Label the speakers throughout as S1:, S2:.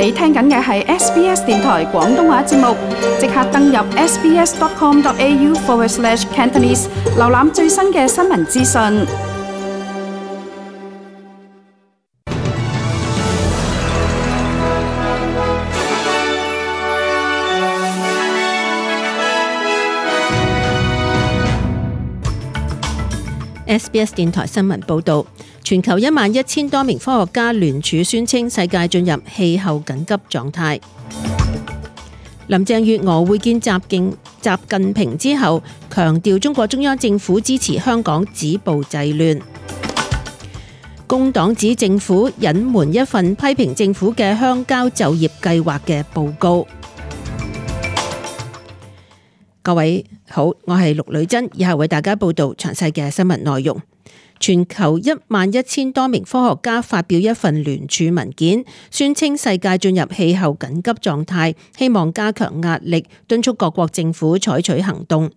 S1: 你聽緊嘅係 SBS 電台廣東話節目，即刻登入 sbs.com.au/cantonese 瀏覽最新嘅新聞資訊。SBS 電台新聞報導。全球一萬一千多名科學家聯署宣稱，世界進入氣候緊急狀態。林鄭月娥會見習近平之後，強調中國中央政府支持香港止暴制亂。工黨指政府隱瞞一份批評政府嘅鄉郊就業計劃嘅報告。各位好，我係陸女真，以後為大家報道詳細嘅新聞內容。全球一萬一千多名科學家發表一份聯署文件，宣稱世界進入氣候緊急狀態，希望加強壓力，敦促各國政府採取行動。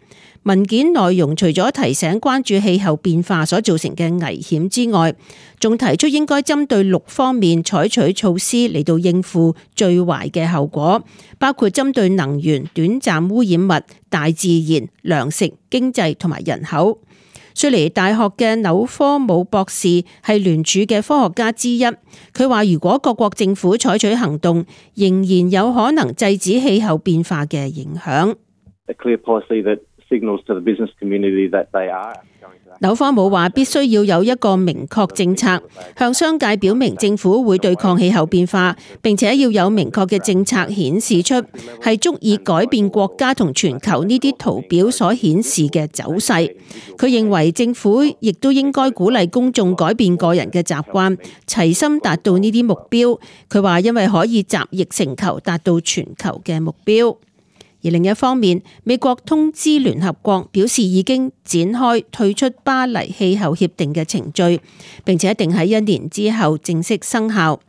S1: 文件內容除咗提醒關注氣候變化所造成嘅危險之外，仲提出應該針對六方面採取措施嚟到應付最壞嘅後果，包括針對能源、短暫污染物、大自然、糧食、經濟同埋人口。蘇黎大學嘅紐科姆博士係聯署嘅科學家之一，佢話如果各國政府採取行動，仍然有可能制止氣候變化嘅影響。紐科姆話：必須要有一個明確政策，向商界表明政府會對抗氣候變化，並且要有明確嘅政策顯示出係足以改變國家同全球呢啲圖表所顯示嘅走勢。佢認為政府亦都應該鼓勵公眾改變個人嘅習慣，齊心達到呢啲目標。佢話因為可以集腋成裘，達到全球嘅目標。而另一方面，美國通知聯合國表示已經展開退出巴黎氣候協定嘅程序，並且一定喺一年之後正式生效。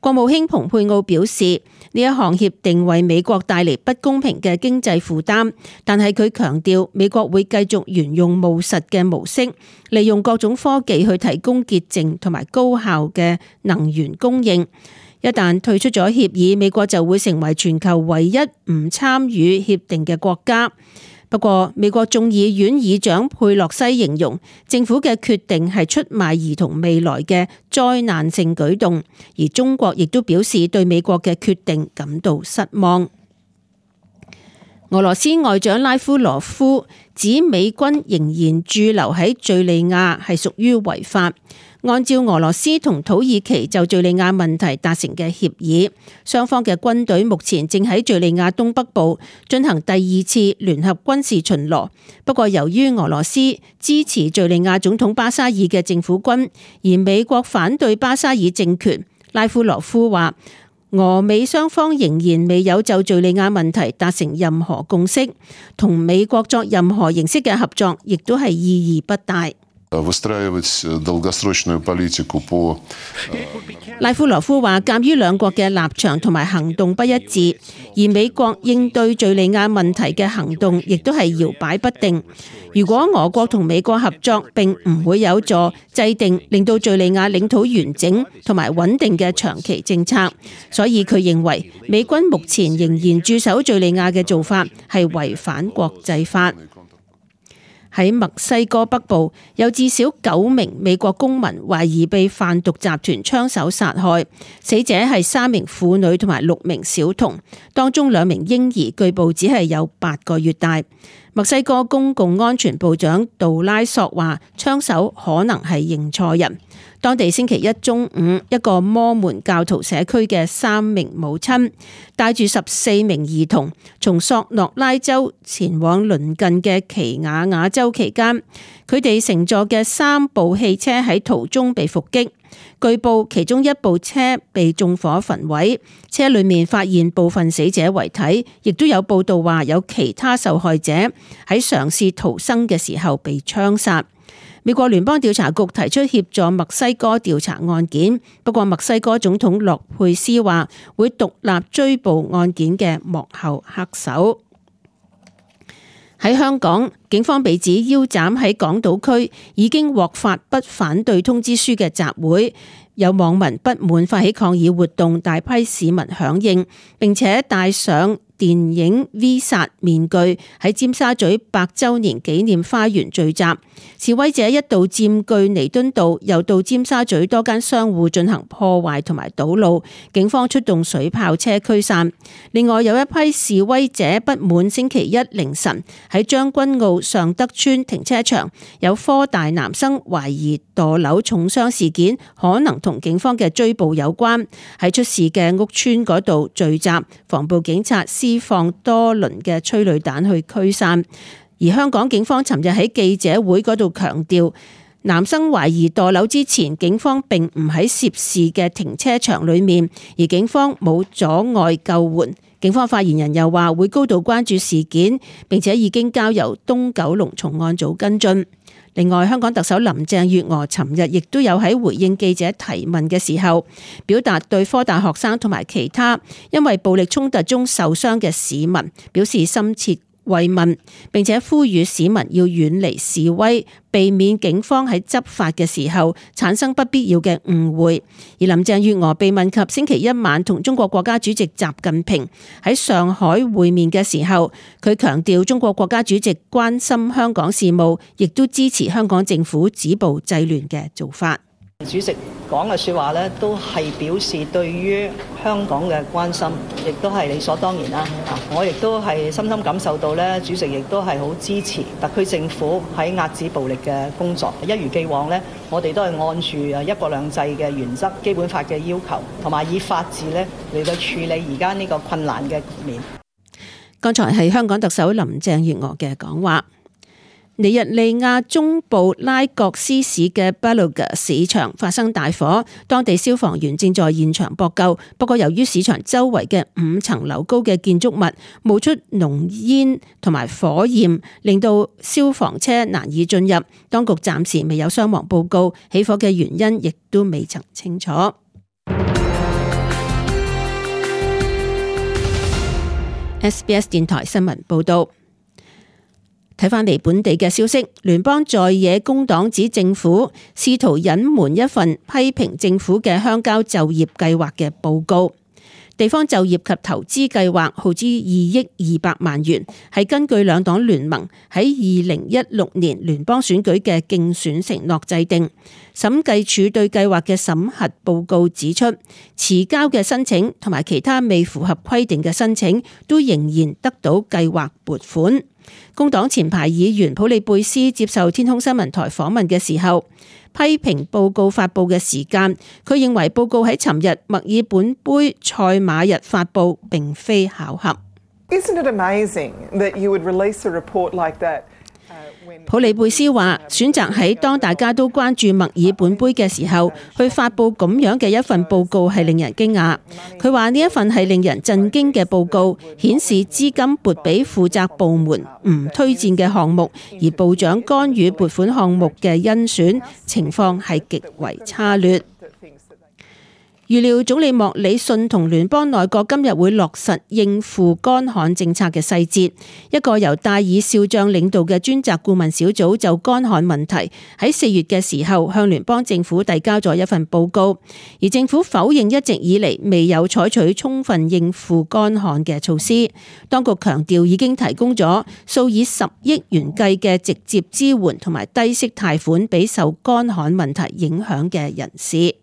S1: 國務卿蓬佩奧表示，呢一項協定為美國帶嚟不公平嘅經濟負擔，但係佢強調美國會繼續沿用務實嘅模式，利用各種科技去提供潔淨同埋高效嘅能源供應。一旦退出咗協議，美國就會成為全球唯一唔參與協定嘅國家。不過，美國眾議院議長佩洛西形容政府嘅決定係出賣兒童未來嘅災難性舉動，而中國亦都表示對美國嘅決定感到失望。俄羅斯外長拉夫羅夫指美軍仍然駐留喺敘利亞係屬於違法。按照俄羅斯同土耳其就敘利亞問題達成嘅協議，雙方嘅軍隊目前正喺敘利亞東北部進行第二次聯合軍事巡邏。不過，由於俄羅斯支持敘利亞總統巴沙爾嘅政府軍，而美國反對巴沙爾政權，拉夫羅夫話俄美雙方仍然未有就敘利亞問題達成任何共識，同美國作任何形式嘅合作，亦都係意義不大。拉夫羅夫話，鑒於兩國嘅立場同埋行動不一致，而美國應對敘利亞問題嘅行動亦都係搖擺不定。如果俄國同美國合作，並唔會有助制定令到敘利亞領土完整同埋穩定嘅長期政策。所以佢認為，美軍目前仍然駐守敘利亞嘅做法係違反國際法。喺墨西哥北部，有至少九名美國公民懷疑被販毒集團槍手殺害，死者係三名婦女同埋六名小童，當中兩名嬰兒據報只係有八個月大。墨西哥公共安全部長杜拉索話，槍手可能係認錯人。當地星期一中午，一個摩門教徒社區嘅三名母親帶住十四名兒童從索諾拉州前往鄰近嘅奇亞亞州期間，佢哋乘坐嘅三部汽車喺途中被伏擊，據報其中一部車被縱火焚毀，車裏面發現部分死者遺體，亦都有報道話有其他受害者喺嘗試逃生嘅時候被槍殺。美國聯邦調查局提出協助墨西哥調查案件，不過墨西哥總統洛佩斯話會獨立追捕案件嘅幕後黑手。喺香港，警方被指腰斬喺港島區已經獲發不反對通知書嘅集會，有網民不滿發起抗議活動，大批市民響應，並且帶上。電影《V 殺面具》喺尖沙咀百周年紀念花園聚集，示威者一度佔據彌敦道，又到尖沙咀多間商戶進行破壞同埋堵路，警方出動水炮車驅散。另外有一批示威者不滿星期一凌晨喺將軍澳尚德邨停車場有科大男生懷疑墮樓重傷事件可能同警方嘅追捕有關，喺出事嘅屋邨嗰度聚集，防暴警察放多輪嘅催淚彈去驅散，而香港警方尋日喺記者會嗰度強調，男生懷疑墮樓之前，警方並唔喺涉事嘅停車場裏面，而警方冇阻礙救援。警方發言人又話會高度關注事件，並且已經交由東九龍重案組跟進。另外，香港特首林鄭月娥尋日亦都有喺回應記者提問嘅時候，表達對科大學生同埋其他因為暴力衝突中受傷嘅市民表示深切慰問，並且呼籲市民要遠離示威，避免警方喺執法嘅時候產生不必要嘅誤會。而林鄭月娥被問及星期一晚同中國國家主席習近平喺上海會面嘅時候，佢強調中國國家主席關心香港事務，亦都支持香港政府止暴制亂嘅做法。主席講嘅說話咧，都係表示對於香港嘅關心，亦都係理所當然啦。我亦都係深深感受到咧，主席亦都係好支持特區政府喺壓止暴力嘅工作，一如既往咧，我哋都係按住一國兩制嘅原則、基本法嘅要求，同埋以法治咧嚟到處理而家呢個困難嘅局面。剛才係香港特首林鄭月娥嘅講話。尼日利亞中部拉各斯市嘅巴 a l 市場發生大火，當地消防員正在現場撲救。不過，由於市場周圍嘅五層樓高嘅建築物冒出濃煙同埋火焰，令到消防車難以進入。當局暫時未有傷亡報告，起火嘅原因亦都未曾清楚。SBS 電台新聞報導。睇返嚟本地嘅消息，聯邦在野工黨指政府試圖隱瞞一份批評政府嘅鄉郊就業計劃嘅報告。地方就業及投資計劃耗資二億二百萬元，係根據兩黨聯盟喺二零一六年聯邦選舉嘅競選承諾制定。審計署對計劃嘅審核報告指出，遲交嘅申請同埋其他未符合規定嘅申請都仍然得到計劃撥款。工黨前排議員普利貝斯接受天空新聞台訪問嘅時候，批評報告發布嘅時間，佢認為報告喺尋日墨爾本杯賽馬日發布，並非巧合。Isn't it amazing that you would release a report like that? 普里貝斯話：選擇喺當大家都關注墨爾本杯嘅時候去發佈咁樣嘅一份報告係令人驚訝。佢話呢一份係令人震驚嘅報告，顯示資金撥俾負責部門唔推薦嘅項目，而部長干預撥款項目嘅甄選情況係極為差劣。預料總理莫里遜同聯邦內閣今日會落實應付乾旱政策嘅細節。一個由戴爾少將領導嘅專責顧問小組就乾旱問題喺四月嘅時候向聯邦政府遞交咗一份報告，而政府否認一直以嚟未有採取充分應付乾旱嘅措施。當局強調已經提供咗數以十億元計嘅直接支援同埋低息貸款俾受乾旱問題影響嘅人士。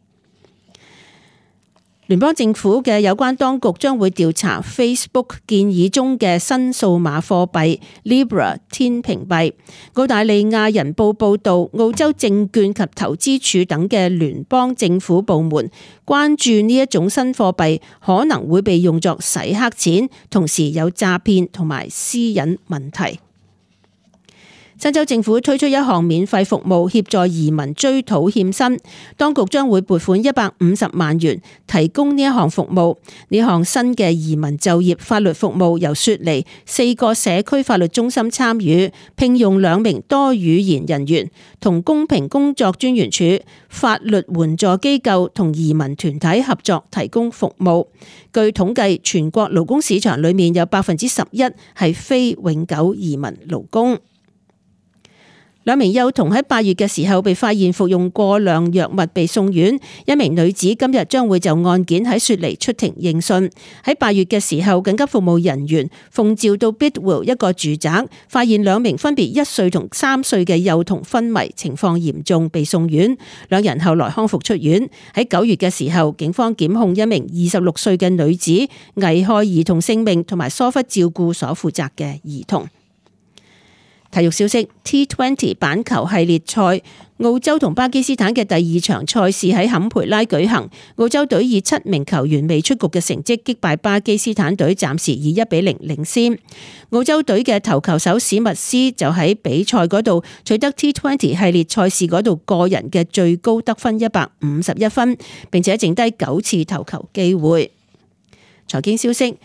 S1: 聯邦政府嘅有關當局將會調查 Facebook 建議中嘅新數碼貨幣 Libra 天平幣。澳大利亞人報報道，澳洲證券及投資署等嘅聯邦政府部門關注呢一種新貨幣可能會被用作洗黑錢，同時有詐騙同埋私隱問題。新州政府推出一項免費服務，協助移民追討欠薪。當局將會撥款一百五十萬元，提供呢一項服務。呢項新嘅移民就業法律服務由雪梨四個社區法律中心參與，聘用兩名多語言人員，同公平工作專員處、法律援助機構同移民團體合作提供服務。據統計，全國勞工市場裏面有百分之十一係非永久移民勞工。兩名幼童喺八月嘅時候被發現服用過量藥物，被送院。一名女子今日將會就案件喺雪梨出庭應訊。喺八月嘅時候，緊急服務人員奉召到 Bidwell 一個住宅，發現兩名分別一歲同三歲嘅幼童昏迷，情況嚴重，被送院。兩人後來康復出院。喺九月嘅時候，警方檢控一名二十六歲嘅女子危害兒童性命同埋疏忽照顧所負責嘅兒童。體育消息：T20 板球系列賽澳洲同巴基斯坦嘅第二場賽事喺坎培拉舉行，澳洲隊以七名球員未出局嘅成績擊敗巴基斯坦隊，暫時以一比零領先。澳洲隊嘅投球手史密斯就喺比賽嗰度取得 T20 系列賽事嗰度個人嘅最高得分一百五十一分，並且剩低九次投球機會。財經消息。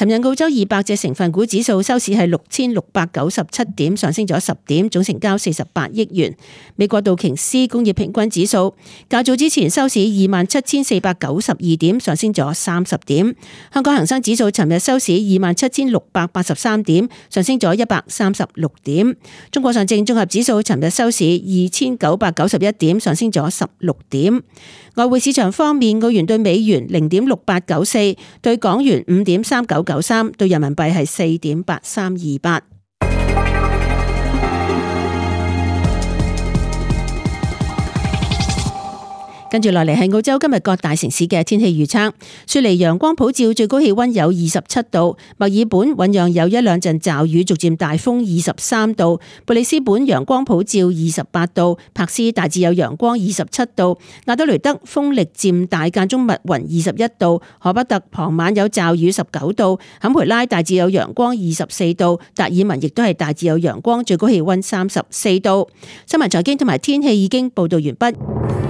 S1: 尋日澳洲二百隻成分股指數收市係六千六百九十七點，上升咗十點，總成交四十八億元。美國道瓊斯工業平均指數較早之前收市二萬七千四百九十二點，上升咗三十點。香港恒生指數尋日收市二萬七千六百八十三點，上升咗一百三十六點。中國上證綜合指數尋日收市二千九百九十一點，上升咗十六點。外匯市場方面，澳元對美元零點六八九四，對港元五點三九。九三兌人民幣係四點八三二八。跟住落嚟係澳洲今日各大城市嘅天氣預測。雪梨陽光普照，最高氣溫有二十七度；墨爾本醞釀有一兩陣驟雨，逐漸大風，二十三度；布里斯本陽光普照，二十八度；柏斯大致有陽光，二十七度；亞德雷德風力漸大，間中密雲，二十一度；荷北特傍晚有驟雨，十九度；坎培拉大致有陽光，二十四度；達爾文亦都係大致有陽光，最高氣溫三十四度。新聞財經同埋天氣已經報道完畢。